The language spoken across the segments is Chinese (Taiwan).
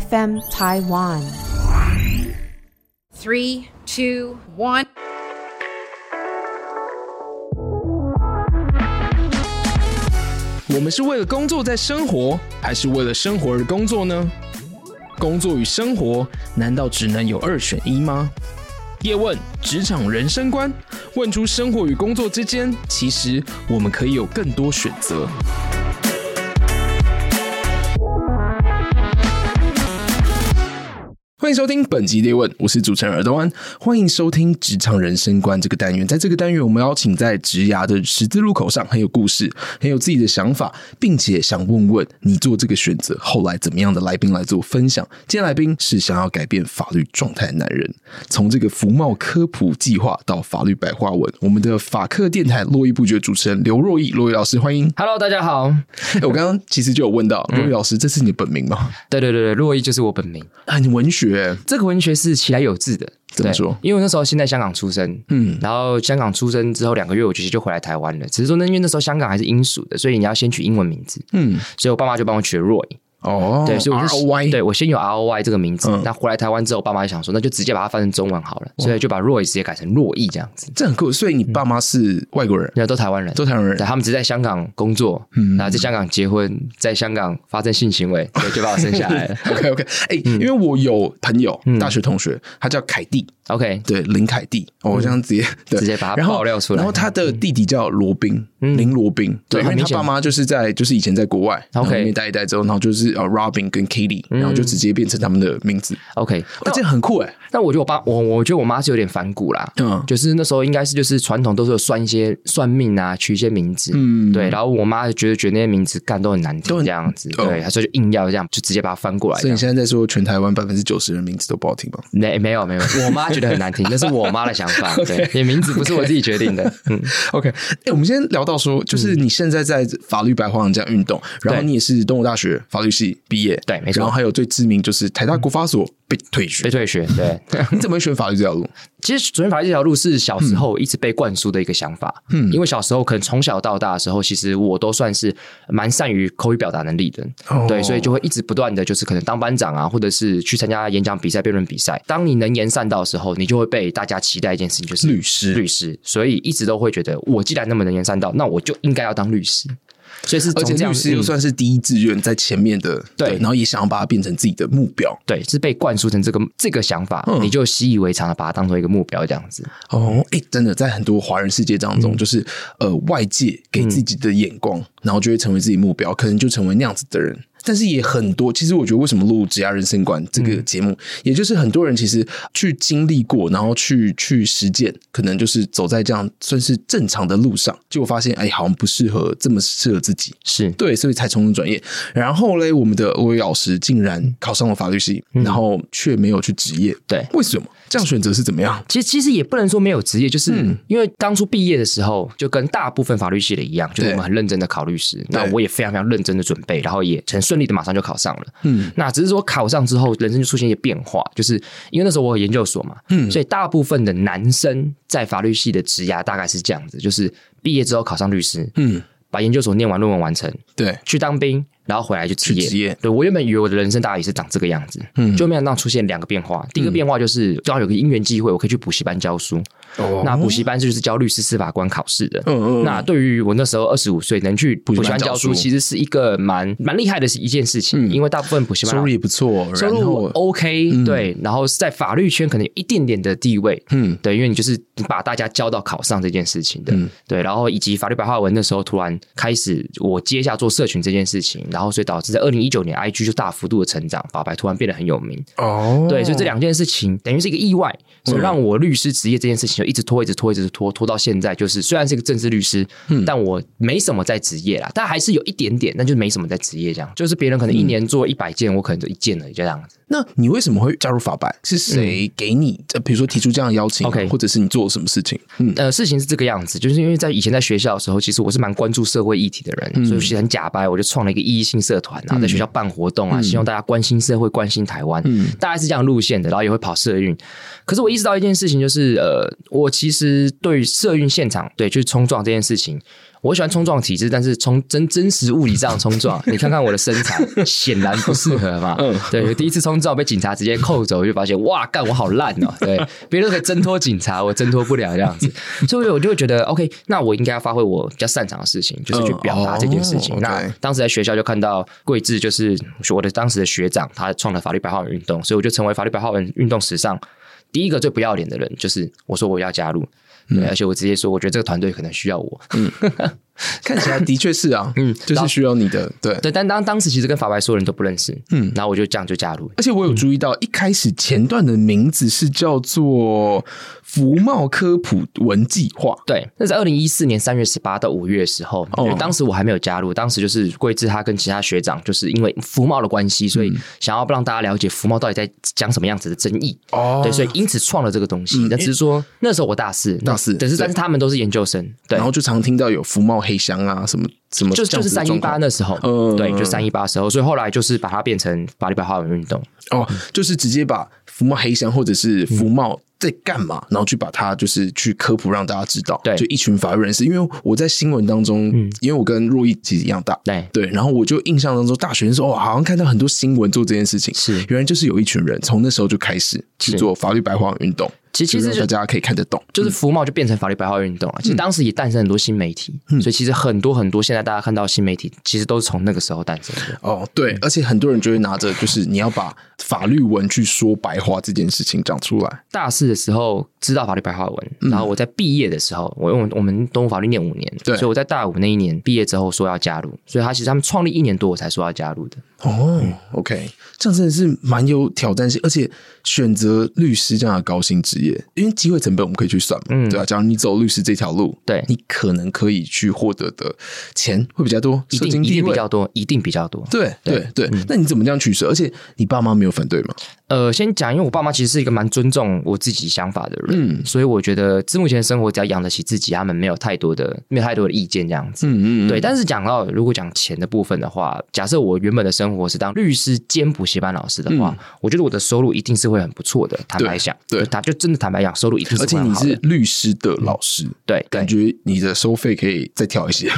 FM Taiwan。Three, two, one。2 3, 2, 我們是為了工作在生活，還是為了生活而工作呢？工作與生活難道只能有二選一嗎？業問職場人生觀，問出生活與工作之間，其實我們可以有更多選擇。歡迎收聽本集《業問》，我是主持人耳東安。歡迎收聽《職場人生觀》這個單元。在這個單元，我們邀請在職涯的十字路口上很有故事、很有自己的想法，並且想問問你做這個選擇後來怎麼樣的來賓來做分享。今天來賓是想要改變法律狀態的男人。從這個福茂科普計劃到法律白話文，我們的法克電台珞亦不絕。主持人劉珞亦，珞亦老師，歡迎。Hello，大家好。哎、欸，我剛剛其實就有問到珞亦、嗯、老師，這是你的本名嗎？對對對對，珞亦就是我本名，很、啊、文學。對這個文學是其來有自的，怎麼說？因為那時候現在香港出生，嗯，然後香港出生之後兩個月，我其實就回來台灣了。只是說，那因為那時候香港還是英屬的，所以你要先取英文名字，嗯，所以我爸媽就幫我取了 Roy。哦，對，所以我是 Roy，對，我先有 Roy 這個名字，那回來台灣之後，我爸媽就想說，那就直接把它翻成中文好了，所以就把 Roy 直接改成珞亦這樣子，這很酷。所以你爸媽是外國人，那都台灣人，都台灣人，對，他們只是在香港工作，嗯，然後在香港結婚，在香港發生性行為，就把我生下來了。OK OK，誒，因為我有朋友，大學同學，他叫凱蒂，OK，對，林凱蒂，我這樣直接直接把他爆料出來。然後他的弟弟叫羅賓。林羅賓，對，因為他爸媽就是在就是以前在國外然後可以帶一帶之後，然後就是呃，Robin 跟 Kitty，然後就直接變成他們的名字，OK，那這個很酷哎。但我覺得我爸，我我覺得我媽是有點反骨啦，嗯，就是那時候應該是就是傳統都是有算一些算命啊，取一些名字，嗯，對，然後我媽就覺得覺得那些名字幹都很難聽，這樣子，對，所以就硬要這樣，就直接把它翻過來。所以你現在在說全台灣百分之九十的名字都不好聽嗎？沒沒有沒有，我媽覺得很難聽，那是我媽的想法，對，你名字不是我自己決定的，嗯，OK，哎，我們先聊到。就說，就說就是你現在在法律白話文這樣運動，嗯、然後你也是東吳大學法律系畢業，對，沒錯。然後還有最知名就是台大國發所被退學，被退學，對。 你怎麼會選法律這條路？其實選法律這條路是小時候一直被灌輸的一個想法。嗯，因為小時候可能從小到大的時候，其實我都算是蠻善於口語表達能力的，嗯、對，所以就會一直不斷的就是可能當班長啊，或者是去參加演講比賽、辯論比賽。當你能言善道的時候，你就會被大家期待一件事情，就是律師，律師。所以一直都會覺得，我既然那麼能言善道，那那我就應該要當律師，所以是這樣。而且律師又算是第一志願在前面的，嗯、對，對，然後也想要把它變成自己的目標，對，是被灌輸成這個這個想法，嗯、你就習以為常的把它當做一個目標這樣子。哦，哎、欸，真的在很多華人世界當中，嗯、就是呃外界給自己的眼光，嗯、然後就會成為自己目標，可能就成為那樣子的人。但是也很多，其實我覺得為什麼錄《職涯人生觀》這個節目，嗯、也就是很多人其實去經歷過，然後去去實踐，可能就是走在這樣算是正常的路上，結果發現哎，好像不適合這麼適合自己，是對，所以才從中轉業。然後嘞，我們的珞亦老師竟然考上了法律系，嗯、然後卻沒有去執業，嗯、對，為什麼？這樣選擇是怎麼樣？啊、其實其實也不能說沒有職業，就是、嗯、因為當初畢業的時候，就跟大部分法律系的一樣，就是我們很認真的考律師。那對我也非常非常認真的準備，然後也很順利的馬上就考上了。嗯，那只是說考上之後，人生就出現一些變化，就是因為那時候我有研究所嘛，嗯，所以大部分的男生在法律系的職涯大概是這樣子，就是畢業之後考上律師，嗯，把研究所念完論文完成，對，去當兵。然後回來就執業。對，我原本以為我的人生大概也是長這個樣子，嗯，就沒有讓出現兩個變化。第一個變化就是剛好有個因緣機會，我可以去補習班教書。哦，那補習班就是教律師司法官考試的，嗯嗯。那對於我那時候二十五歲能去補習班教書，其實是一個蠻蠻厲害的，是一件事情，因為大部分補習班收入也不錯，收入 OK，對，然後在法律圈可能有一點點的地位，嗯，對，因為你就是把大家教到考上這件事情的，對。然後以及法律白話文那時候突然開始，我接下做社群這件事情。然後所以導致在二零一九年，I G 就大幅度的成長，法白突然變得很有名。哦，oh. 對，所以這兩件事情等於是一個意外，所以讓我律師執業這件事情就一直拖，一直拖，一直拖，拖到現在。就是雖然是一個政治律師，嗯，但我沒什麼在執業啦，但還是有一點點，那就沒什麼在執業這樣。就是別人可能一年做一百件，嗯、我可能就一件了，就這樣子。那你為什麼會加入法白？是誰給你？嗯、呃，比如說提出這樣的邀請，OK，或者是你做了什麼事情？嗯，呃，事情是這個樣子，就是因為在以前在學校的時候，其實我是蠻關注社會議題的人，嗯、所以其實很假掰，我就創了一個一、e。新社團，啊，在學校辦活動啊，嗯、希望大家關心社會、關心台灣，嗯、大概是這樣路線的。然後也會跑社運，可是我意識到一件事情，就是呃，我其實對於社運現場，對，就是衝撞這件事情。我喜歡衝撞體制，但是從真真實物理上衝撞， 你看看我的身材， 顯然不適合嘛。嗯、對，第一次衝撞被警察直接扣走，我就發現哇，幹我好爛哦。對， 別人都可以掙脫警察，我掙脫不了這樣子，所以我就會覺得 OK，那我應該要發揮我比較擅長的事情，就是去表達這件事情。哦、那 OK 當時在學校就看到貴智，就是我的當時的學長，他創了法律白話文運動，所以我就成為法律白話文運動史上第一個最不要臉的人，就是我說我要加入。嗯，而且我直接說，我覺得這個團隊可能需要我。嗯 看起來的確是啊，嗯，就是需要你的，對對，但當當時其實跟法白所有人都不認識，嗯，然後我就這樣就加入，而且我有注意到一開始前段的名字是叫做“服貿科普文計劃”，對，那是二零一四年三月十八到五月的時候，哦，當時我還沒有加入，當時就是貴智他跟其他學長就是因為服貿的關係，所以想要不讓大家了解服貿到底在講什麼樣子的爭議哦，對，所以因此創了這個東西，但是說那時候我大四，大四，但是但是他們都是研究生，對，然後就常聽到有服貿。黑箱啊，什麼什麼，就就是三一八那時候，嗯嗯對，就三一八時候，所以後來就是把它變成八六八花園運動哦，嗯、就是直接把服貿黑箱或者是服貿、嗯。在幹嘛？然後去把它就是去科普，讓大家知道。對，就一群法律人士，因為我在新聞當中，因為我跟珞亦其實一樣大，對對。然後我就印象當中，大學的時候好像看到很多新聞做這件事情。是，原來就是有一群人從那時候就開始去做法律白話運動，其實其實大家可以看得懂，就是福茂就變成法律白話運動了。其實當時也誕生很多新媒體，所以其實很多很多現在大家看到新媒體，其實都是從那個時候誕生的。哦，對，而且很多人就會拿着，就是你要把法律文去說白話這件事情講出來，大的時候知道法律白話文，嗯、然後我在畢業的時候，我用我們東吳法律念五年，對所以我在大五那一年畢業之後說要加入，所以他其實他們創立一年多我才說要加入的。哦，OK，這樣真的是蠻有挑戰性，而且選擇律師這樣的高薪職業，因為機會成本我們可以去算嘛，嗯、對吧、啊？假如你走律師這條路，對，你可能可以去獲得的錢會比較多，嗯、一定,一定一定比較多，一定比較多，對對對。那你怎麼這樣取舍？而且你爸媽沒有反對嗎？呃，先講，因為我爸媽其實是一個蠻尊重我自己想法的人，嗯，所以我覺得目前的生活只要養得起自己，他們沒有太多的、沒有太多的意見這樣子，嗯,嗯嗯。對，但是講到如果講錢的部分的話，假設我原本的生活我是當律師兼補習班老師的話，我覺得我的收入一定是會很不錯的。坦白講，對，他就真的坦白講，收入一定，而且你是律師的老師，對，感覺你的收費可以再調一些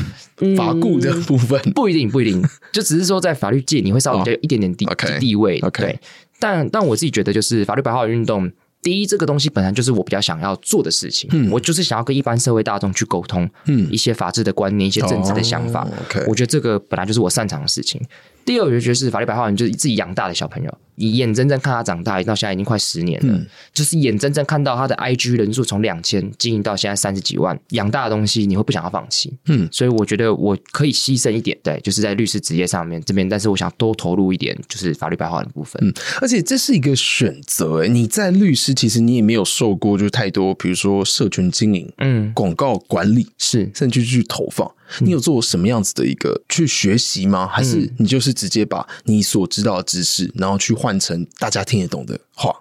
法顧的部分，不一定，不一定，就只是說在法律界你會稍微有一點點地地位。對，但但我自己覺得，就是法律白話文運動，第一，這個東西本來就是我比較想要做的事情，我就是想要跟一般社會大眾去溝通，嗯，一些法治的觀念，一些政治的想法。OK，我覺得這個本來就是我擅長的事情。第二我就覺得是法律白話文，就是自己養大的小朋友，你眼睜睜看他長大，到現在已經快十年了，嗯、就是眼睜睜看到他的 IG 人數從兩千經營到現在三十幾萬，養大的東西你會不想要放棄？嗯，所以我覺得我可以犧牲一點，對，就是在律師職業上面這邊，但是我想多投入一點，就是法律白話文的部分。嗯，而且這是一個選擇、欸。你在律師其實你也沒有受過，就是太多，比如說社群經營，嗯，廣告管理是，甚至去投放。你有做什麼樣子的一個、嗯、去學習嗎？還是你就是直接把你所知道的知識，然後去換成大家聽得懂的話？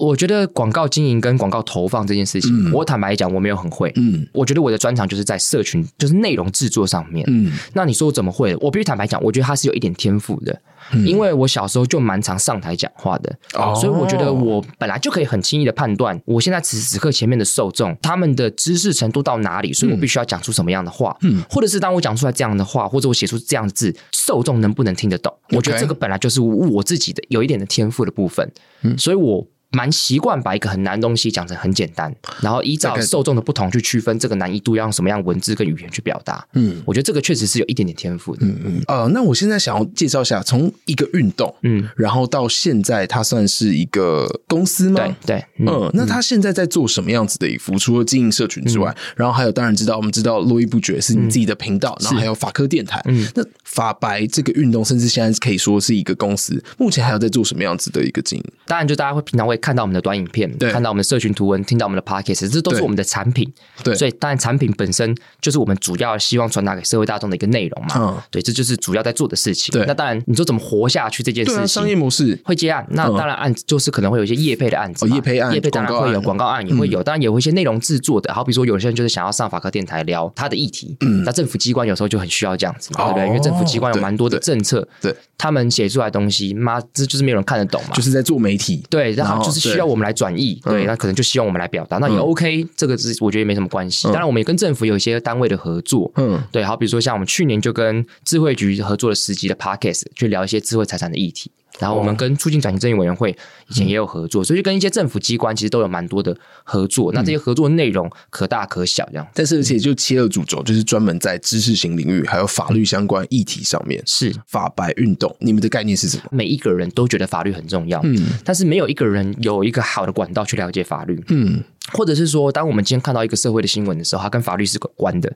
我覺得廣告經營跟廣告投放這件事情，嗯、我坦白講，我沒有很會。嗯，我覺得我的專長就是在社群，就是內容制作上面。嗯，那你說我怎麼會？我必須坦白講，我覺得他是有一點天賦的，嗯、因為我小時候就蠻常上台講話的、嗯哦，所以我覺得我本來就可以很輕易的判斷我現在此時此刻前面的受眾、嗯、他們的知識程度到哪裡，所以我必須要講出什麼樣的話。嗯，嗯、或者是當我講出來這樣的話，或者我寫出這樣的字，受眾能不能聽得懂？Okay, 我覺得這個本來就是我自己的有一點的天賦的部分。嗯、所以我。蠻習慣把一個很難的東西講成很簡單，然後依照受眾的不同去區分這個難易度，要用什麼樣文字跟語言去表達。嗯，我覺得這個確實是有一點點天賦的。嗯嗯。呃，那我現在想要介紹一下，從一個運動，嗯，然後到現在，它算是一個公司嗎？對對。對嗯，嗯，嗯，那它現在在做什麼樣子的一幅，除了經營社群之外，嗯、然後還有當然知道，我們知道珞亦不絕是你自己的頻道，嗯、然後還有法克電台。嗯，那法白這個運動，甚至現在可以說是一個公司，目前還有在做什麼樣子的一個經營、嗯？當然，就大家會平常會。看到我們的短影片，看到我們的社群圖文，聽到我們的 podcast，這都是我們的產品。對，所以當然產品本身就是我們主要希望傳達給社會大眾的一個內容嘛。嗯，對，這就是主要在做的事情。那當然你說怎麼活下去這件事，商業模式會接案。那當然案就是可能會有一些業配的案子，業配案業配當然會有廣告案也會有，當然也會有一些內容製作的。好比說有些人就是想要上法克電台聊他的議題。嗯，那政府機關有時候就很需要這樣子，對不對？因為政府機關有蠻多的政策，對，他們寫出來的東西，媽這就是沒有人看得懂嘛。就是在做媒體。對，然後。是需要我們來轉譯，對，對嗯、那可能就希望我們來表達，那也 OK，這個是我覺得也沒什麼關係。嗯、當然，我們也跟政府有一些單位的合作，嗯，對，好，比如說像我們去年就跟智慧局合作的十集的 podcast、嗯、去聊一些智慧財產的議題。然後我們跟促進轉型正義委員會以前也有合作，嗯、所以就跟一些政府機關其實都有蠻多的合作。嗯、那這些合作內容可大可小，這樣，但是而且就切了主軸，就是專門在知識型領域、嗯、還有法律相關議題上面。是法白運動，你們的概念是什麼？每一個人都覺得法律很重要，嗯，但是沒有一個人有一個好的管道去了解法律，嗯。或者是說，當我們今天看到一個社會的新聞的時候，它跟法律是有關的，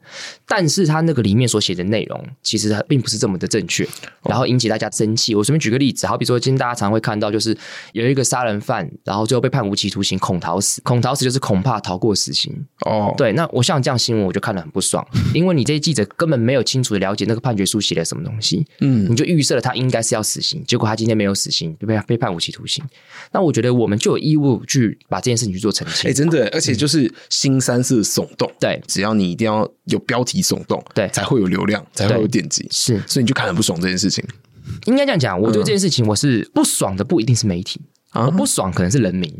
但是它那個裡面所寫的內容，其實並不是這麼的正確，然後引起大家爭氣。哦、我隨便舉個例子，好比說，今天大家常常會看到，就是有一個殺人犯，然後最後被判無期徒刑，恐逃死，恐逃死就是恐怕逃過死刑哦。對，那我像這樣新聞，我就看得很不爽，因為你這些記者根本沒有清楚的了解那個判決書寫了什麼東西，嗯，你就預設了他應該是要死刑，結果他今天沒有死刑，就被被判無期徒刑。那我覺得我們就有義務去把這件事情去做澄清，欸，真的對，而且就是新三色聳動，對，只要你一定要有標題聳動，對，才會有流量，才會有點擊，是，所以你就看很不爽這件事情。應該這樣講，我覺得這件事情我是不爽的，不一定是媒體，我不爽可能是人民。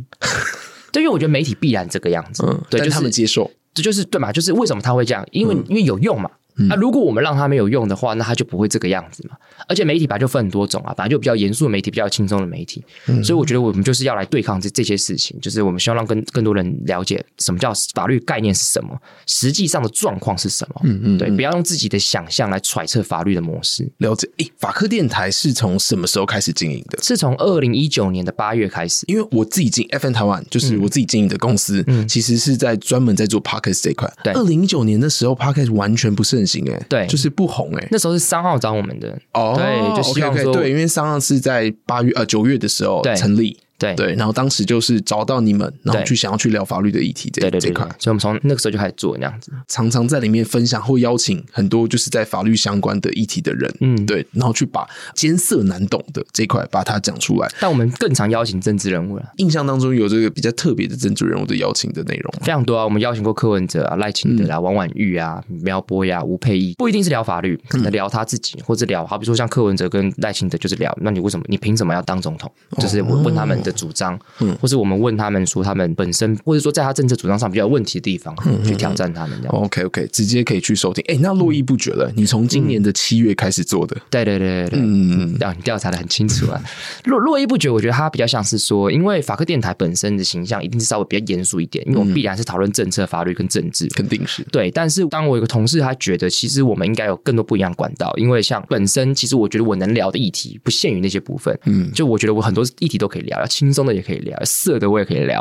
對，因為我覺得媒體必然這個樣子，對，就他們接受，這就是對嘛？就是為什麼他會這樣？因為因為有用嘛。那、啊、如果我們讓他沒有用的話，那他就不會這個樣子嘛。而且媒體本來就分很多種啊，反正就比較嚴肅的媒體，比較輕鬆的媒體。嗯、哼所以我覺得我們就是要來對抗這這些事情，就是我們希望讓更更多人了解什麼叫法律概念，是什麼，實際上的狀況是什麼。嗯，嗯嗯，對，不要用自己的想象來揣測法律的模式。了解，誒、欸，法克電台是從什麼時候開始經營的？是從二零一九年的八月開始，因為我自己經營 FM 台灣，就是我自己經營的公司，嗯嗯、其實是在專門在做 Podcast 這一塊。對，二零一九年的時候，Podcast 完全不是。對，就是不紅哎、欸。那時候是三號找我們的，哦，oh, 對，就希望說，okay okay, 對，因為三號是在八月呃九月的時候成立。對對，然後當時就是找到你們，然後去想要去聊法律的議題，這這塊，所以我們從那個時候就開始做那樣子，常常在裡面分享，會邀請很多就是在法律相關的議題的人，嗯，對，然後去把艱澀難懂的這塊把它講出來。但我們更常邀請政治人物了，印象當中有這個比較特別的政治人物的邀請的內容、啊、非常多啊，我們邀請過柯文哲啊、賴清德啊、王婉諭啊、苗博雅呀、吳佩義，嗯、不一定是聊法律，可能聊他自己，或者聊、嗯、好比如說像柯文哲跟賴清德就是聊，那你為什麼，你憑什麼要當總統？Oh, 就是問他們。的主張，嗯、或是我們問他們說他們本身，或者說在他政策主張上比較有問題的地方，嗯嗯、去挑戰他們這樣、嗯。OK OK，直接可以去收聽。哎、欸，那珞亦不絕了。嗯、你從今年的七月開始做的，嗯、對對對對嗯，讓、嗯、你調查的很清楚啊。珞珞亦不絕，我覺得他比較像是說，因為法克電台本身的形象，一定是稍微比較嚴肅一點，因為我們必然是討論政策、法律跟政治，肯定是。對，但是當我有個同事，他覺得其實我們應該有更多不一樣的管道，因為像本身，其實我覺得我能聊的議題不限於那些部分，嗯，就我覺得我很多議題都可以聊。輕鬆的也可以聊，色的我也可以聊，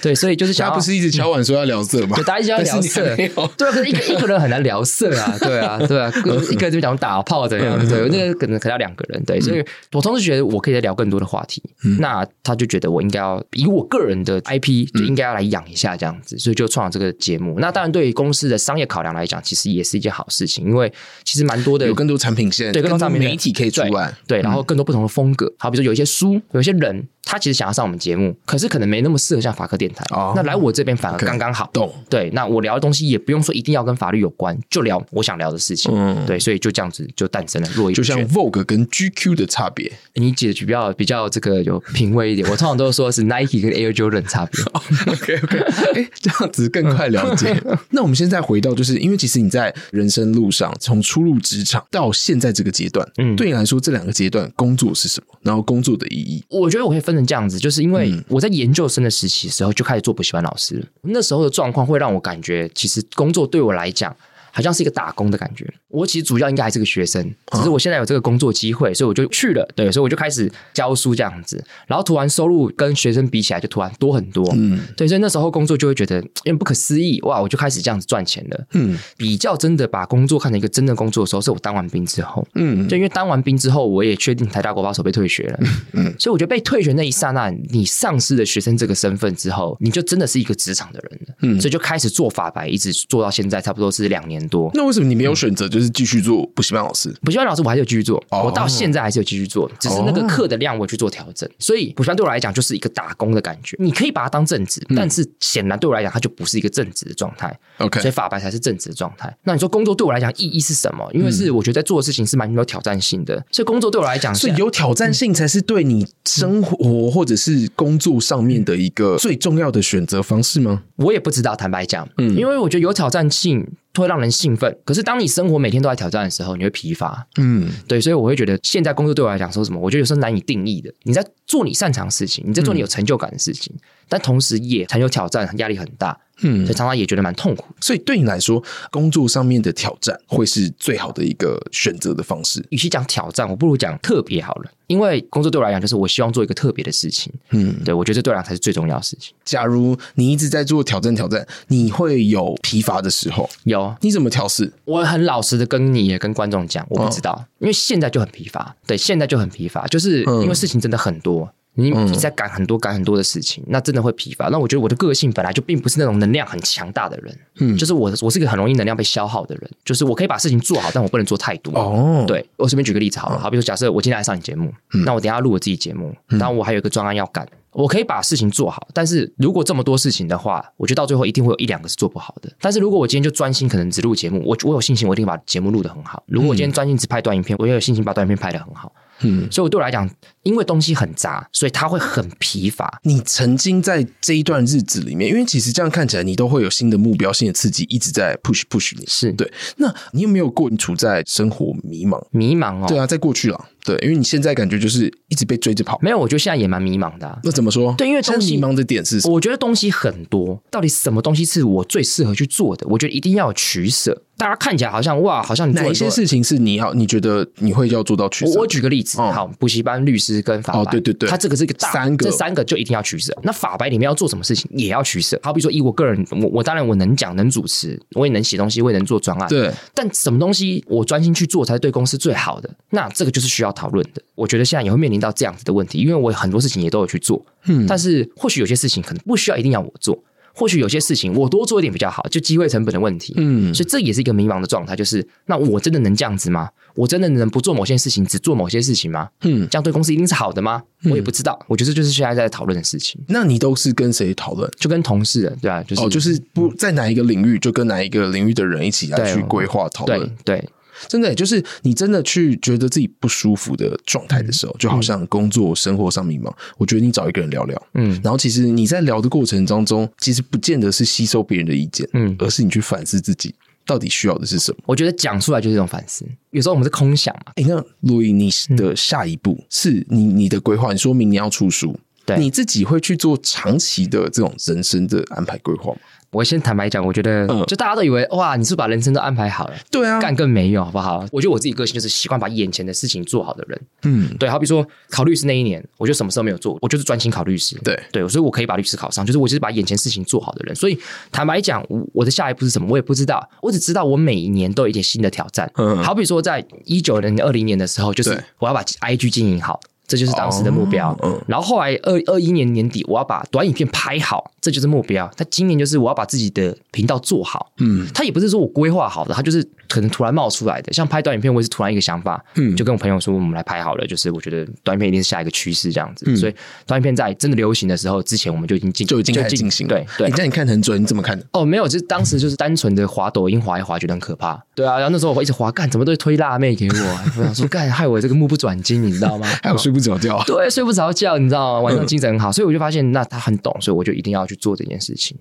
對，所以就是小不是一直敲碗說要聊色嗎？大家一直要聊色，對，可是一個一個人很難聊色啊，對啊，對啊，一個人就講打炮這樣，對，那個可能可能要兩個人，對，所以我同時覺得我可以再聊更多的話題，那他就覺得我應該要以我個人的 IP 就應該要來養一下這樣子，所以就創了這個節目。那當然對於公司的商業考量來講，其實也是一件好事情，因為其實蠻多的有更多產品線，對，更多產品線媒體可以出來，對，然後更多不同的風格，好，比如說有一些書，有一些人。他其實想要上我們節目，可是可能沒那麼適合像法克電台。Oh, 那來我這邊反而剛剛好。懂、okay, don 對，那我聊的東西也不用說一定要跟法律有關，就聊我想聊的事情。嗯，對，所以就這樣子就誕生了珞亦不絕。就像 Vogue 跟 GQ 的差別，你解決比較比較這個有品味一點。 我通常都說的是 Nike 跟 Air Jordan 差別。Oh, OK OK，哎、 欸，這樣子更快了解。嗯、那我們現在回到，就是因為其實你在人生路上，從初入職場到現在這個階段，嗯，對你來說這兩個階段工作是什麼？然後工作的意義，我覺得我會分變成這樣子，就是因為我在研究生的時期的時候就開始做補習班老師，嗯、那時候的狀況會讓我感覺，其實工作對我來講，好像是一個打工的感覺，我其實主要應該還是個學生，只是我現在有這個工作機會，所以我就去了。對，所以我就開始教書這樣子，然後突然收入跟學生比起來就突然多很多。嗯，對，所以那時候工作就會覺得有點不可思議。哇，我就開始這樣子賺錢了。嗯，比較真的把工作看成一個真正工作的時候，是我當完兵之後。嗯，就因為當完兵之後，我也確定台大國保所被退學了。嗯，所以我覺得被退學那一剎那，你喪失了學生這個身份之後，你就真的是一個職場的人了。嗯，所以就開始做法白，一直做到現在，差不多是兩年。多那為什麼你沒有選擇就是繼續做補習班老師？補習班老師我還是有繼續做，oh. 我到現在還是有繼續做，只是那個課的量我去做調整。Oh. 所以補習班對我來講就是一個打工的感覺，你可以把它當正職，嗯、但是顯然對我來講它就不是一個正職的狀態。OK，所以法白才是正職的狀態。那你說工作對我來講意義是什麼？因為是我覺得在做的事情是蠻有挑戰性的，所以工作對我來講是有挑戰性才是對你生活或者是工作上面的一個最重要的選擇方式嗎？嗯、我也不知道，坦白講，嗯，因為我覺得有挑戰性。會讓人興奮，可是當你生活每天都在挑戰的時候，你會疲乏。嗯，對，所以我會覺得現在工作對我來講，說什麼？我覺得有時候難以定義的。你在做你擅長的事情，你在做你有成就感的事情。嗯但同時，也很有挑戰，壓力很大，嗯，所以常常也覺得蠻痛苦。所以對你來說，工作上面的挑戰會是最好的一個選擇的方式。與其講挑戰，我不如講特別好了，因為工作對我來講，就是我希望做一個特別的事情，嗯，對，我覺得這對我來講才是最重要的事情。假如你一直在做挑戰，挑戰，你會有疲乏的時候？有？你怎麼調適？我很老實的跟你也跟觀眾講，我不知道，哦、因為現在就很疲乏，對，現在就很疲乏，就是因為事情真的很多。嗯你你在趕很多趕很多的事情，嗯、那真的會疲乏。那我覺得我的個性本來就並不是那種能量很強大的人，嗯，就是我我是一個很容易能量被消耗的人，就是我可以把事情做好，但我不能做太多。哦，對，我隨便舉個例子好了，哦、好，比如說假設我今天來上你節目，嗯、那我等下錄我自己節目，但、嗯、我還有一個專案要幹。嗯、我可以把事情做好，但是如果這麼多事情的話，我覺得到最後一定會有一兩個是做不好的。但是如果我今天就專心可能只錄節目，我我有信心我一定把節目錄得很好。如果我今天專心只拍短影片，嗯、我也有信心把短影片拍得很好。嗯，所以我對我來講。因為東西很雜，所以他會很疲乏。你曾經在這一段日子裡面，因為其實這樣看起來，你都會有新的目標，新的刺激一直在 push push 你。是對。那你有沒有過你處在生活迷茫？迷茫哦。對啊，在過去了。對，因為你現在感覺就是一直被追着跑。沒有，我覺得現在也蠻迷茫的、啊。那怎麼說？對，因為現在迷茫的點是，我覺得東西很多，到底什麼東西是我最適合去做的？我覺得一定要有取舍。大家看起來好像哇，好像你做哪一些事情是你要？你覺得你會要做到取舍我？我舉個例子，嗯、好，補習班律師。是跟法白。哦，對對對，他這個是一個大三個，這三個就一定要取捨。那法白裡面要做什麼事情，也要取捨。好比說，以我個人，我我當然我能講能主持，我也能寫東西，我也能做專案。對，但什麼東西我專心去做，才是對公司最好的。那這個就是需要討論的。我覺得現在也會面臨到這樣子的問題，因為我很多事情也都有去做。嗯，但是或許有些事情可能不需要一定要我做。或許有些事情我多做一點比較好，就機會成本的問題，嗯，所以這也是一個迷茫的狀態，就是那我真的能這樣子嗎？我真的能不做某些事情，只做某些事情嗎？嗯，這樣對公司一定是好的嗎？嗯、我也不知道，我覺得這就是現在在討論的事情。那你都是跟誰討論？就跟同事的對吧、啊？就是哦，就是不在哪一個領域，嗯、就跟哪一個領域的人一起來去規劃討論，對。對真的、欸，就是你真的去覺得自己不舒服的狀態的時候，嗯、就好像工作、生活上迷茫，嗯、我覺得你找一個人聊聊，嗯，然後其實你在聊的過程當中，其實不見得是吸收別人的意見，嗯，而是你去反思自己到底需要的是什麼。我覺得講出來就是一種反思。有時候我們是空想嘛、啊。你看、嗯，路、欸、易，那 is, 你的下一步是你你的規劃，你說明你要出書。對你自己會去做長期的這種人生的安排規劃嗎？我先坦白講，我覺得，嗯，就大家都以為哇，你是不是把人生都安排好了，對啊，幹更沒用好不好？我覺得我自己個性就是習慣把眼前的事情做好的人，嗯，對，好比說考律師那一年，我就什麼時候沒有做，我就是專心考律師，對對，所以我可以把律師考上，就是我就是把眼前事情做好的人。所以坦白講，我的下一步是什麼，我也不知道，我只知道我每一年都有一點新的挑戰。嗯嗯，好比說，在一九年、二零年的時候，就是我要把 I G 經營好。這就是當時的目標。Oh, uh, 然後後來2021年年底，我要把短影片拍好，這就是目標。他今年就是我要把自己的頻道做好。嗯，他也不是說我規劃好的，他就是可能突然冒出來的。像拍短影片，我也是突然一個想法，嗯、就跟我朋友說，我們來拍好了。就是我覺得短影片一定是下一個趨勢，這樣子。嗯、所以短影片在真的流行的時候，之前我們就已經進就已經在進行了進。對，對、哎、你那你看很準，你怎麼看？哦，沒有，就是當時就是單純的滑抖音，嗯、滑一滑覺得很可怕。對啊，然後那時候我一直滑，幹怎麼都會推辣妹給我，我 想說幹害我這個目不轉睛，你知道嗎？嗯 怎麼掉、啊、對，睡不着覺，你知道嗎？晚上精神很好，嗯、所以我就發現，那他很懂，所以我就一定要去做這件事情。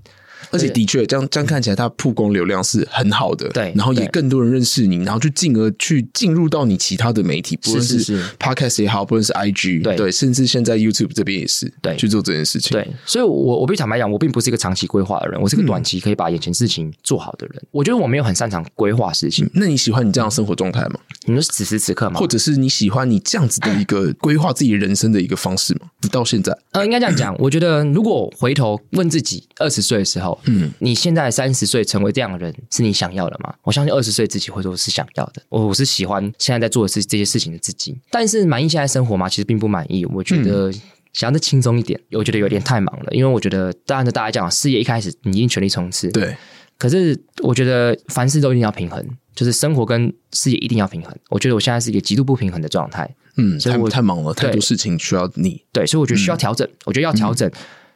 而且的確，這樣這樣看起來，它曝光流量是很好的。對，然後也更多人認識你，然後就進而去進入到你其他的媒體，不論是 podcast 也好，不論是 IG 對，甚至現在 YouTube 這邊也是，對，去做這件事情。對，所以，我我必須坦白講，我並不是一個長期規劃的人，我是個短期可以把眼前事情做好的人。我覺得我沒有很擅長規劃事情。那你喜歡你這樣的生活狀態嗎？你說此時此刻嗎？或者是你喜歡你這樣子的一個規劃自己人生的一個方式嗎？到現在，呃，應該這樣講。我覺得如果回頭問自己，二十歲的時候。嗯，你現在三十歲成為這樣的人是你想要的嗎？我相信二十歲自己會說是想要的。我我是喜歡現在在做的事這些事情的自己，但是滿意現在生活嗎？其實並不滿意。我覺得想要的輕鬆一點，嗯、我覺得有點太忙了。因為我覺得，當然大家講事業一開始你一定全力衝刺，對。可是我覺得凡事都一定要平衡，就是生活跟事業一定要平衡。我覺得我現在是一個極度不平衡的狀態。嗯，所以我太忙了，對太多事情需要你。對，所以我覺得需要調整，嗯、我覺得要調整。嗯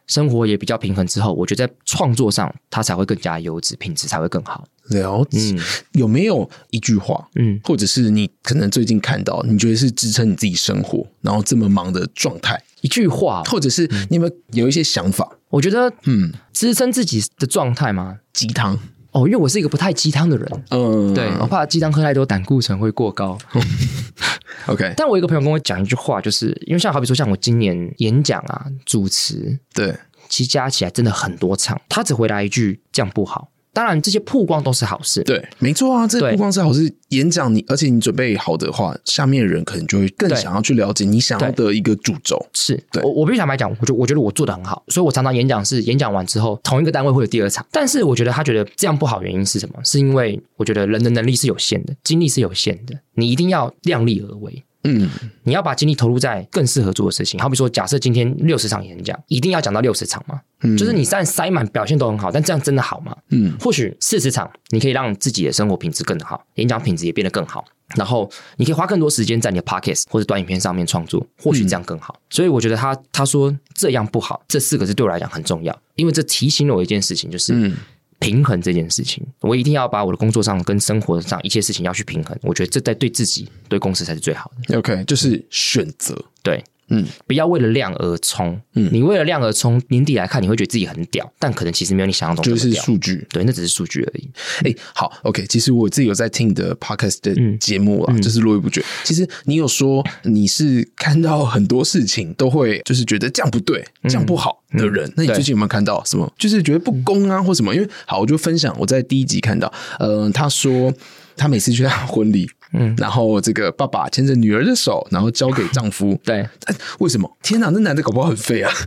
生活也比較平衡之後，我覺得在創作上，它才會更加優質，品質才會更好。了解。嗯、有沒有一句話，嗯，或者是你可能最近看到，你覺得是支撐你自己生活，然後這麼忙的狀態，一句話，哦，或者是你有沒有有一些想法？嗯、我覺得，嗯，支撐自己的狀態嘛，雞湯、嗯。雞湯哦，因為我是一個不太雞湯的人，嗯，對，我怕雞湯喝太多，膽固醇會過高。 OK，但我一個朋友跟我講一句話，就是因為像好比說，像我今年演講啊、主持，對，其實加起來真的很多場，他只回答一句，這樣不好。當然，這些曝光都是好事。對，沒錯啊，這些曝光是好事。對演講你，而且你準備好的話，下面的人可能就會更想要去了解你想要的一個主軸。對對是，對。我我必須坦白講，我覺我,我覺得我做的很好，所以我常常演講是演講完之後，同一個單位會有第二場。但是我覺得他覺得這樣不好，原因是什麼？是因為我覺得人的能力是有限的，精力是有限的，你一定要量力而為。嗯，你要把精力投入在更適合做的事情。好比說，假設今天六十場演講，一定要講到六十場嗎？嗯，就是你雖然塞滿，表現都很好，但這樣真的好嗎？嗯，或許四十場，你可以讓自己的生活品質更好，演講品質也變得更好，然後你可以花更多時間在你的 podcast 或者短影片上面創作，或許這樣更好。嗯，所以我覺得他他說這樣不好，這四個字對我來講很重要，因為這提醒了我一件事情，就是。嗯平衡這件事情，我一定要把我的工作上跟生活上一切事情要去平衡。我覺得這在對自己、對公司才是最好的。OK，就是選擇，對。嗯，不要為了量而衝。嗯，你為了量而衝，年底來看你會覺得自己很屌，但可能其實沒有你想象中就是數據，對，那只是數據而已。哎、嗯欸，好，OK，其實我自己有在聽你的 Podcast 的節目啊，嗯、就是珞亦不絕。嗯、其實你有說你是看到很多事情都會就是覺得這樣不對，嗯、這樣不好的人，嗯嗯、那你最近有沒有看到什麼對就是覺得不公啊或什麼？因為好，我就分享我在第一集看到，嗯、呃，他說他每次去他婚禮。嗯，然後這個爸爸牽着女兒的手，然後交給丈夫。對。欸，為什麼？天哪，啊，那男的搞不好很廢啊。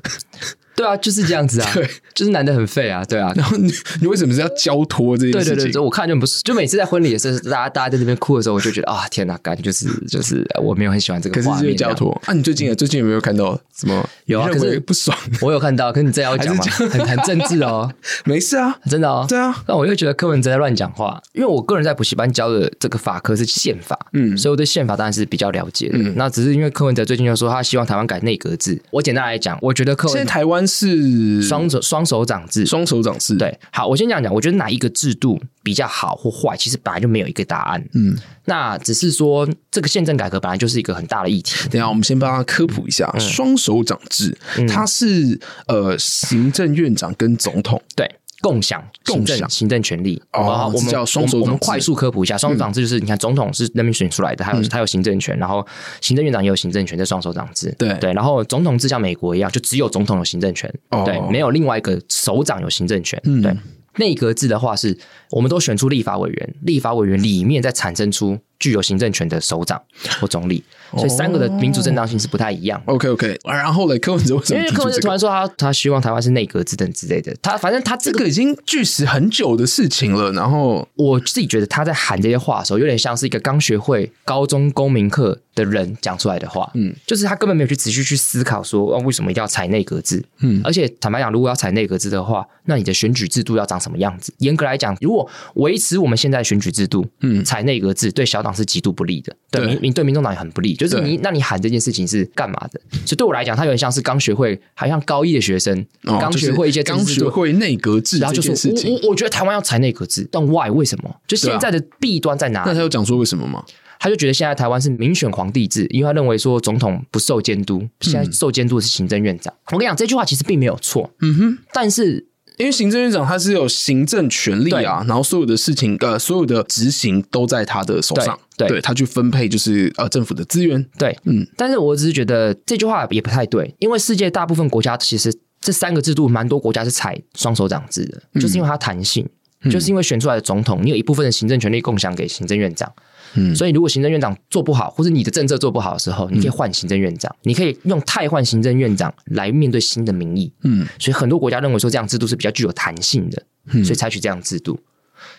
對啊，就是這樣子啊，對，就是男的很廢啊，對啊，然後你你為什麼是要交托這件事情？對對對，我看就不是就每次在婚禮的時候，大家大家在那邊哭的時候，我就覺得啊，天哪，感覺就是就是我沒有很喜歡這個，可是交托。那你最近最近有沒有看到什麼？有啊，可是不爽。我有看到，可是你真的要講嗎，很很政治哦，沒事啊，真的哦。對啊。那我又覺得柯文哲在亂講話，因為我個人在補習班教的這個法科是憲法，嗯，所以我對憲法當然是比較了解的。那只是因為柯文哲最近就說他希望台灣改內閣制，我簡單來講，我覺得柯文哲。現在台灣。是雙手雙手掌制，雙手掌制對。好，我先講講，我覺得哪一個制度比較好或壞，其實本來就沒有一個答案。嗯，那只是說這個憲政改革本來就是一個很大的議題。等下我們先幫他科普一下，雙手掌制、嗯，嗯、他是呃行政院長跟總統、嗯、對。共享、共振享 行政權力。哦，好好 我們我們快速科普一下，雙首長制就是你看，總統是人民選出來的，他有他有行政權，然後行政院長也有行政權，這雙首長制。對對，然後總統制像美國一樣，就只有總統有行政權，對，沒有另外一個首長有行政權。對內閣制的話，是我們都選出立法委員，立法委員裡面再產生出。具有行政權的首長或總理，所以三個的民主正當性是不太一樣。Oh, OK OK、啊。然後呢，柯文哲為什麼、這個、 因為柯文哲突然說他他希望台灣是內閣制等之類的，他反正他這個,這個已經巨實很久的事情了。然後我自己覺得他在喊這些話的時候，有點像是一個剛學會高中公民課的人講出來的話。嗯，就是他根本沒有去仔細去思考說、啊、為什麼一定要採內閣制。嗯，而且坦白講，如果要採內閣制的話，那你的選舉制度要長什麼樣子？嚴格來講，如果維持我們現在的選舉制度，嗯，採內閣制對小。是極度不利的，對、對民民對民眾黨也很不利，就是你對那你喊這件事情是幹嘛的？所以對我來講，他有點像是剛學會，好像高一的學生剛、哦、學會一些剛學會內閣制，然後就說，我我我覺得台灣要採內閣制，但 why 為什麼？就現在的弊端在哪裡？對、啊？那他有講說為什麼嗎？他就覺得現在台灣是民選皇帝制，因為他認為說，總統不受監督，現在受監督的是行政院長。嗯、我跟你講這句話其實並沒有錯，嗯哼，但是。因為行政院長他是有行政權力啊，對然後所有的事情呃，所有的執行都在他的手上，對，對，對他去分配就是呃政府的資源。對，嗯，但是我只是覺得這句話也不太對，因為世界大部分國家其實這三個制度，蠻多國家是採雙首長制的，就是因為它彈性，就是因為選出來的總統，嗯、你有一部分的行政權力共享給行政院長。嗯，所以如果行政院長做不好，或是你的政策做不好的時候，你可以換行政院長，嗯、你可以用汰換行政院長來面對新的民意。嗯，所以很多國家認為說這樣制度是比較具有彈性的，嗯、所以採取這樣制度。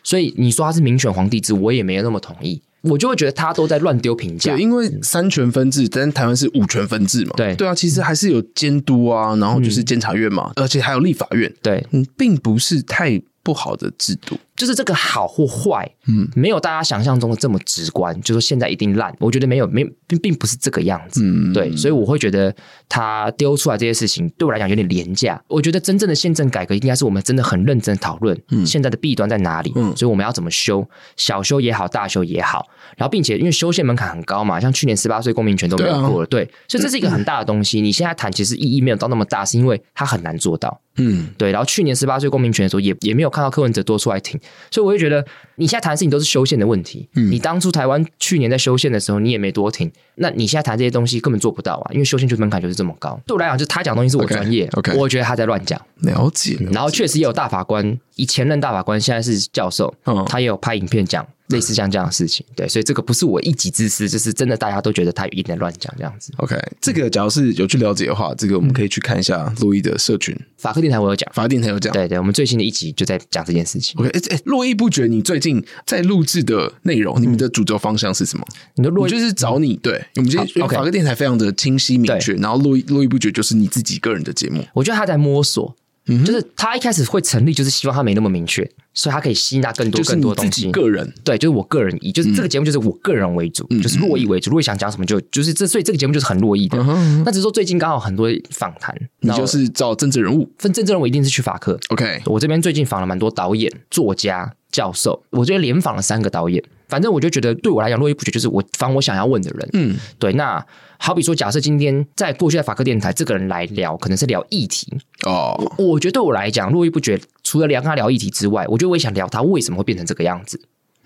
所以你說他是民選皇帝制，我也沒有那麼同意，我就會覺得他都在亂丟評價。對，因為三權分制，但台灣是五權分制嘛？對，對啊，其實還是有監督啊，然後就是監察院嘛，嗯、而且還有立法院。對，嗯，並不是太不好的制度。就是這個好或壞，嗯，沒有大家想象中的這麼直觀。就是、說現在一定爛，我覺得沒有，沒並並不是這個樣子，嗯，對，所以我會覺得他丟出來這些事情，對我來講有點廉價。我覺得真正的憲政改革應該是我們真的很認真討論、嗯、現在的弊端在哪裡，嗯，所以我們要怎麼修，小修也好，大修也好，然後並且因為修憲門檻很高嘛，像去年十八歲公民權都沒有過了，對、啊、對，所以這是一個很大的東西。你現在談其實意義沒有到那麼大，是因為它很難做到，嗯，對。然後去年十八歲公民權的時候也，也也沒有看到柯文哲多出來挺。所以我就覺得，你現在談的事情都是修憲的問題。嗯，你當初台灣去年在修憲的時候，你也沒多聽。那你現在談這些東西根本做不到啊，因為修憲就門檻就是這麼高。對我來講，就是他講東西是我專業，okay, okay. 我覺得他在亂講。了解。然後確實也有大法官，了解，以前任大法官現在是教授，嗯，他也有拍影片講。哦哦對類似像這樣的事情，對，所以這個不是我一己之私，就是真的大家都覺得他有一點亂講這樣子。OK，這個假如是有去了解的話，嗯、這個我們可以去看一下珞亦的社群、嗯、法克電台，我有講，法克電台有講。對對，我們最新的一集就在講這件事情。OK，欸、欸、珞亦不絕，你最近在錄制的內容，嗯、你們的主軸方向是什麼？你的珞亦就是找你，對我們這法克電台非常的清晰明確，okay, 然後珞亦珞亦不絕就是你自己個人的節目。我覺得他在摸索。 就是他一開始會成立，就是希望他沒那麼明確，所以他可以吸納更多更多東西。就是自己個人對，就是我個人以，就是這個節目就是我個人為主，嗯、就是珞亦為主。如果想講什麼就，就就是這，所以這個節目就是很珞亦的。那、嗯嗯、只是說最近剛好很多訪談，你就是找政治人物，人物分政治人物一定是去法克。OK，我這邊最近訪了蠻多導演、作家、教授，我這邊連訪了三個導演。反正我就覺得對我來講，珞亦不絕就是我訪我想要問的人。嗯，對，那。好比說，假設今天在過去在法克電台，這個人來聊，可能是聊議題哦。Oh. 我覺得對我來講，珞亦不絕，除了聊他聊議題之外，我覺得我也想聊他為什麼會變成這個樣子。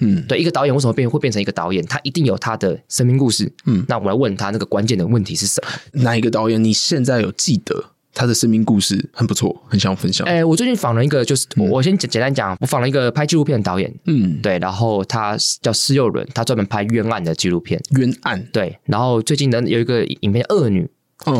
嗯，對，一個導演為什麼變會變成一個導演，他一定有他的生命故事。嗯，那我來問他那個關鍵的問題是什麼？哪一個導演你現在有記得？他的生命故事很不錯，很想分享。哎，我最近訪了一個，就是我先簡簡單講，我訪了一個拍紀錄片的導演，嗯，對，然後他叫施佑倫，他專門拍冤案的紀錄片。冤案，對。然後最近呢，有一個影片《惡女》，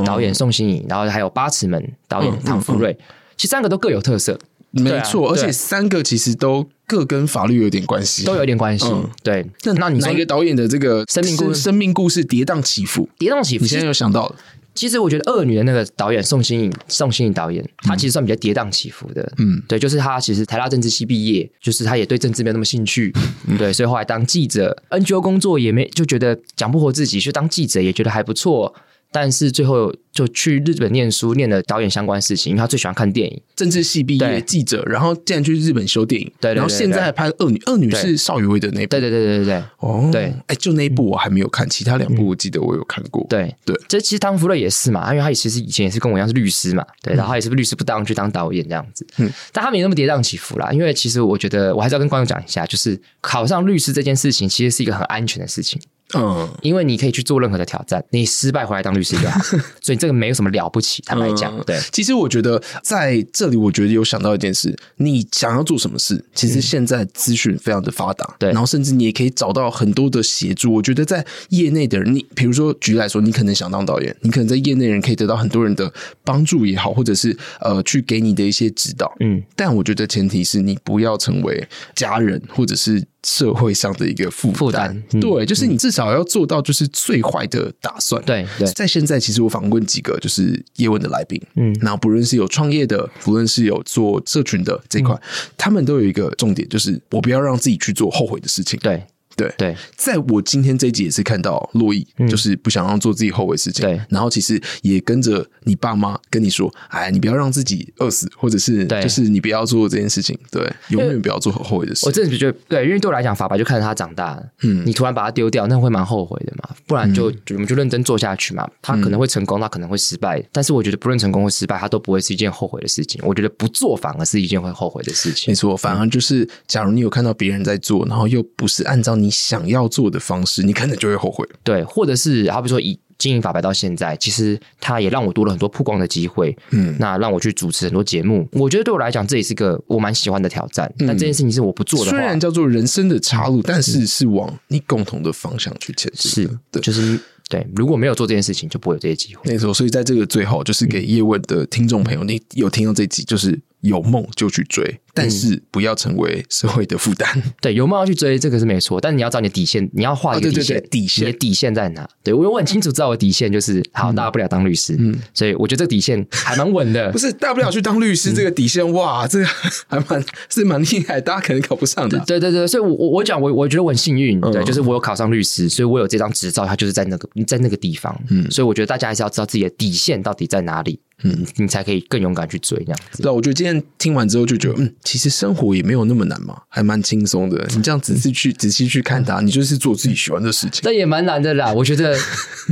導演宋欣穎，然後還有《八尺門》，導演唐福睿，其實三個都各有特色。沒錯，而且三個其實都各跟法律有點關係，都有點關係。對，那你說一個導演的這個生命故事，生命故事跌宕起伏？跌宕起伏？你現在有想到？其實我覺得《惡女》的那個導演宋欣穎，宋欣穎導演，她其實算比較跌宕起伏的。嗯，對，就是她其實台大政治系畢業，就是她也對政治沒有那麼興趣，嗯，對，所以後來當記者，NGO 工作也沒，就覺得講不活自己，去當記者也覺得還不錯。但是最後就去日本念書，念了導演相關的事情。因為他最喜歡看電影，政治系畢業記者，然後竟然去日本修電影。對，然後現在還拍《惡女》，《惡女》是邵雨薇的那一部。對對對對對哦，對，哎，就那一部我還沒有看，其他兩部我記得我有看過。對對，這其實湯福瑞也是嘛，因為他也其實以前也是跟我一樣是律師嘛，對，然後他也是律師不當去當導演這樣子。嗯，但他沒那麼跌宕起伏啦，因為其實我覺得我還是要跟觀眾講一下，就是考上律師這件事情其實是一個很安全的事情。嗯，因為你可以去做任何的挑戰，你失敗回來當律師就好，對啊、 所以這個沒有什麼了不起。坦白講，嗯、對，其實我覺得在這裡，我覺得有想到一件事：你想要做什麼事？其實現在資訊非常的發達，對、嗯，然後甚至你也可以找到很多的協助。對我覺得在業內的人，你比如說舉例來說，你可能想當導演，你可能在業內人可以得到很多人的幫助也好，或者是呃去給你的一些指導，嗯。但我覺得前提是你不要成為家人，或者是。社會上的一個負擔，負擔對，嗯、就是你至少要做到，就是最壞的打算。對、嗯，嗯、在現在，其實我訪問幾個就是業問的來賓，嗯，然後不論是有創業的，不論是有做社群的這一塊，嗯、他們都有一個重點，就是我不要讓自己去做後悔的事情。嗯、對。對對，對在我今天這一集也是看到珞亦，嗯、就是不想讓做自己後悔事情。嗯、對，然後其實也跟着你爸媽跟你說，哎，你不要讓自己餓死，或者是就是你不要做這件事情，對，為永遠不要做後悔的事情。我真的是覺得，對，因為對我來講，法白就看着他長大，嗯，你突然把他丟掉，那會蠻後悔的嘛。不然就我們、嗯、就，就認真做下去嘛。他可能會成功，他可能會失敗，嗯、但是我覺得不論成功或失敗，他都不會是一件後悔的事情。我覺得不做反而是一件會後悔的事情。沒錯，反而就是假如你有看到別人在做，然後又不是按照你想要做的方式，你可能就會後悔。對，或者是好比說以經營法白到現在，其實它也讓我多了很多曝光的機會。嗯，那讓我去主持很多節目，我覺得對我來講這也是個我蠻喜歡的挑戰。嗯、但這件事情是我不做的雖然叫做人生的岔路，但是是往你共同的方向去前行。嗯、對是，對，就是對。如果沒有做這件事情，就不會有這些機會。沒錯，所以在這個最後，就是給業問的聽眾朋友，嗯、你有聽到這集就是。有夢就去追，但是不要成為社會的負擔，嗯。對，有夢要去追，這個是沒錯。但你要找你的底線，你要畫你的底線，哦、對對對，底線你的底線在哪？對我有很清楚，知道我的底線就是好，大不了當律師。嗯，所以我覺得這個底線還蠻穩的。不是，大不了去當律師，嗯、這個底線哇，這個還蠻是蠻厲害，大家可能考不上的。對對對，所以我，我我講，我我覺得我很幸運，對，嗯、就是我有考上律師，所以我有這張執照，它就是在那個在那個地方。嗯，所以我覺得大家還是要知道自己的底線到底在哪裡。嗯，你才可以更勇敢去追這樣子。那、嗯、我覺得今天聽完之後就覺得，嗯，其實生活也沒有那麼難嘛，還蠻輕鬆的。你這樣仔細去仔細去看它，嗯、你就是做自己喜歡的事情。但也蠻難的啦，我覺得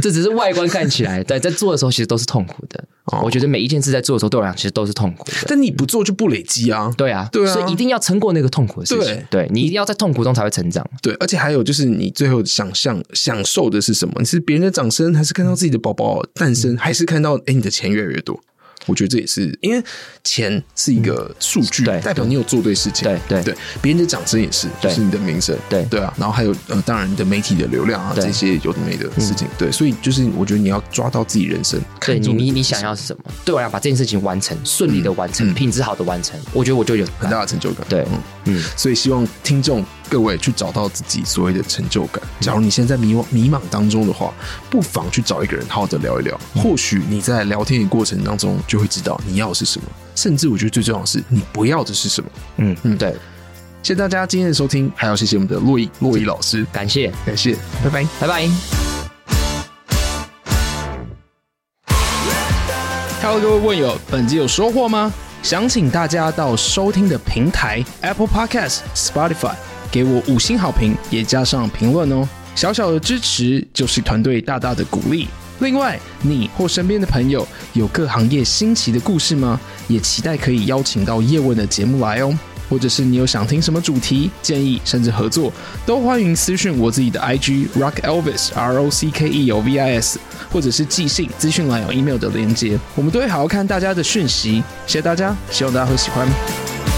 這只是外觀看起來， 對，在做的時候其實都是痛苦的。哦、我覺得每一件事在做的時候，對我來講其實都是痛苦的。嗯、但你不做就不累積啊，對啊，對啊，所以一定要撐過那個痛苦的事情。對，對你一定要在痛苦中才會成長。對，而且還有就是你最後想象享受的是什麼？你是別人的掌聲，還是看到自己的寶寶誕生，嗯、還是看到哎、欸、你的錢越來越多？我覺得這也是，因為錢是一個數據，代表你有做對事情。對對對，別人的掌聲也是，是你的名聲。對對啊，然後還有呃當然你的媒體的流量啊，這些有的沒的事情。對，所以就是我覺得你要抓到自己人生，對你你想要是什麼？對，我來講把這件事情完成，順利的完成，品質好的完成，我覺得我就有很大的成就感。對，嗯，所以希望聽眾。各位去找到自己所謂的成就感。假如你現在迷惘迷茫當中的話，不妨去找一個人好好的聊一聊。或許你在聊天的過程當中，就會知道你要的是什麼。甚至我覺得最重要的是，你不要的是什麼。嗯嗯，對。謝謝大家今天的收聽，還要謝謝我們的珞亦珞亦老師，感謝，謝謝，感謝，拜拜謝拜拜。拜拜 Hello，各位問友，本集有收穫嗎？想請大家到收聽的平台 Apple Podcast、Spotify。給我五星好評，也加上評論哦，小小的支持就是團隊大大的鼓勵。另外，你或身邊的朋友有各行業新奇的故事嗎？也期待可以邀請到業問的節目來哦。或者是你有想聽什麼主題建議，甚至合作，都歡迎私訊我自己的 I G rock elvis r o c k e l v i s，或者是寄信、資訊欄有 email 的連接，我們都會好好看大家的訊息。謝謝大家，希望大家會喜歡。